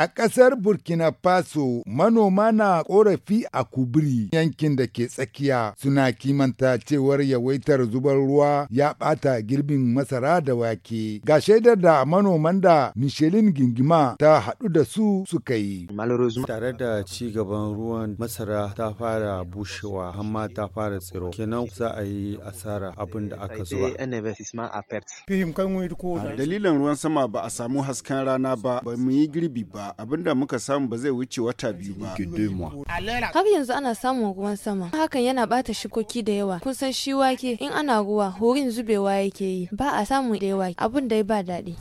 A ƙasar Burkina Faso manoma na ƙorafi a kuburi yankin da ke tsakiya suna kimanta cewar yawaitar zubar ruwa ya ɓata girbin masara da wake. Ga shaidar da manoman da Michelin Gingima ta haɗu da su suka yi. Tare da ci gaban ruwan masara ta fara bushewa amma ta fara tsiro. Kenan za a yi asara abin da aka zuwa. Dalilin ruwan sama ba a samu hasken rana ba ba mu yi girbi ba Abin da muka samu ba zai wuce wata biyu ba. Har yanzu ana samun ruwan sama hakan yana bata shikoki da yawa kun san shi wake in ana ruwa horin zubewa yake yi ba a samun da yawa abin da ba daɗi.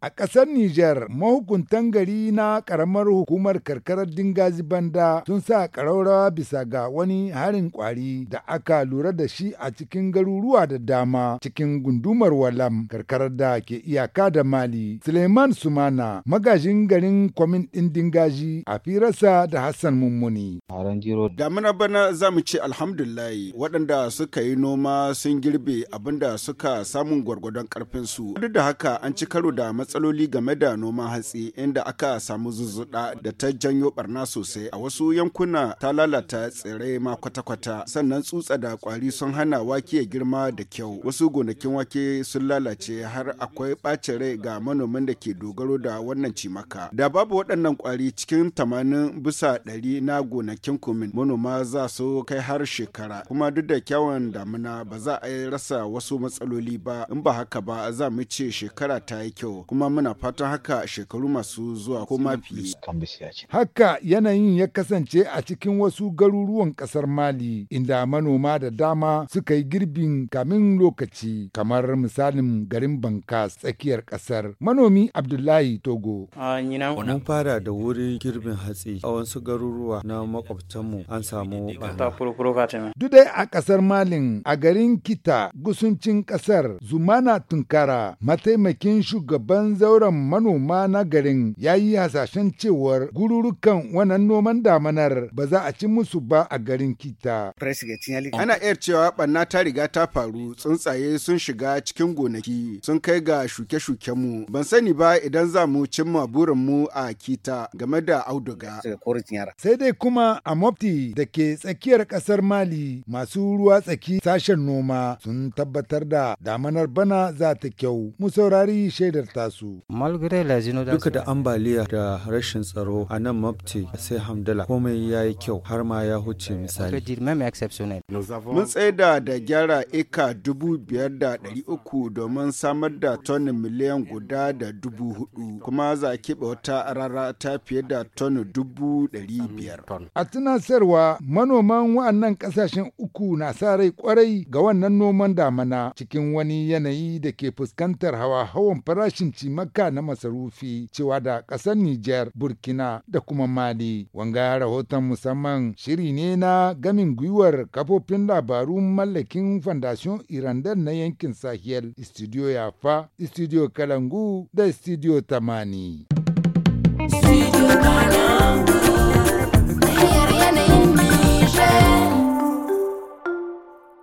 A ƙasar Nijar mahukuntan gari na ƙaramar hukumar karkarar Dingazi Banda sun sa ƙaraurawa bisa ga wani harin kwari da aka lura da shi a cikin garuruwa da dama cikin gundumar Walam karkarar da ke iyaka da Mali. Suleiman Sumana magajin garin kwamin ɗin dingaji a firarsa da Hassan Mummuni. Damina bana za mu ce alhamdulahi waɗanda suka yi noma sun girbe abinda suka samun gwargwadon ƙarfinsu. Duk da haka an ci karo da matsaloli game da noman hatsi inda aka samu zuzzuɗa da ta janyo barna sosai a wasu yankuna ta lalata tsere ma kwata-kwata sannan tsutsa da kwari sun hana wake girma da kyau wasu gonakin wake sun lalace har akwai ɓacin rai ga manomin da ke dogaro da wannan cimaka da babu waɗannan ƙwari cikin tamanin bisa ɗari na gonakin kumin manoma za su kai har shekara kuma duk da kyawun damuna ba za a yi rasa wasu matsaloli ba in ba haka ba za mu ce shekara ta yi kyau kuma muna fatan haka shekaru masu zuwa ko mafi. Haka yanayin ya kasance a cikin wasu garuruwan ƙasar Mali inda manoma da dama suka yi girbin kamin lokaci kamar misalin garin Bankas tsakiyar ƙasar. Manomi Abdullahi Togo. Ah, An fara da wurin girbin hatsi a wasu garuruwa na makwabtanmu an samu Duk dai a ƙasar Malin a garin Kita gusuncin ƙasar Zumana Tunkara mataimakin shugaban zauren manoma na garin ya yi hasashen cewar gururukan wannan noman damanar ba za a ci musu ba a garin Kita. Ana iya cewa ɓanna ta riga ta faru tsuntsaye sun shiga cikin gonaki sun kai ga shuke mu ban sani ba idan za mu cimma burinmu a kita game da auduga. Sai dai kuma a mafti da ke tsakiyar ƙasar Mali masu ruwa tsaki sashen noma sun tabbatar da damanar bana za ta kyau. Mu saurari shaidar tasu. Duka da ambaliya da rashin tsaro a nan mafti sai hamdala komai ya yi kyau har ma ya huce misali. Mun tsaida da gyara eka dubu biyar da ɗari uku domin samar da tonin miliyan guda da dubu hudu kuma za a keɓe wata rara ta fiye da ton dubu ɗari biyar. A tunasarwa manoman wa'annan ƙasashen uku na sa rai kwarai ga wannan noman damana cikin wani yanayi da ke fuskantar hawa-hawan farashin cimaka na masarufi cewa da ƙasar Nijar, Burkina da kuma Mali. Wanga rahoton musamman shiri ne na gamin gwiwar kafofin labarun mallakin Fondation Irandar na yankin Sahel, Studio Yafa, Studio Kalangu da Studio Tamani.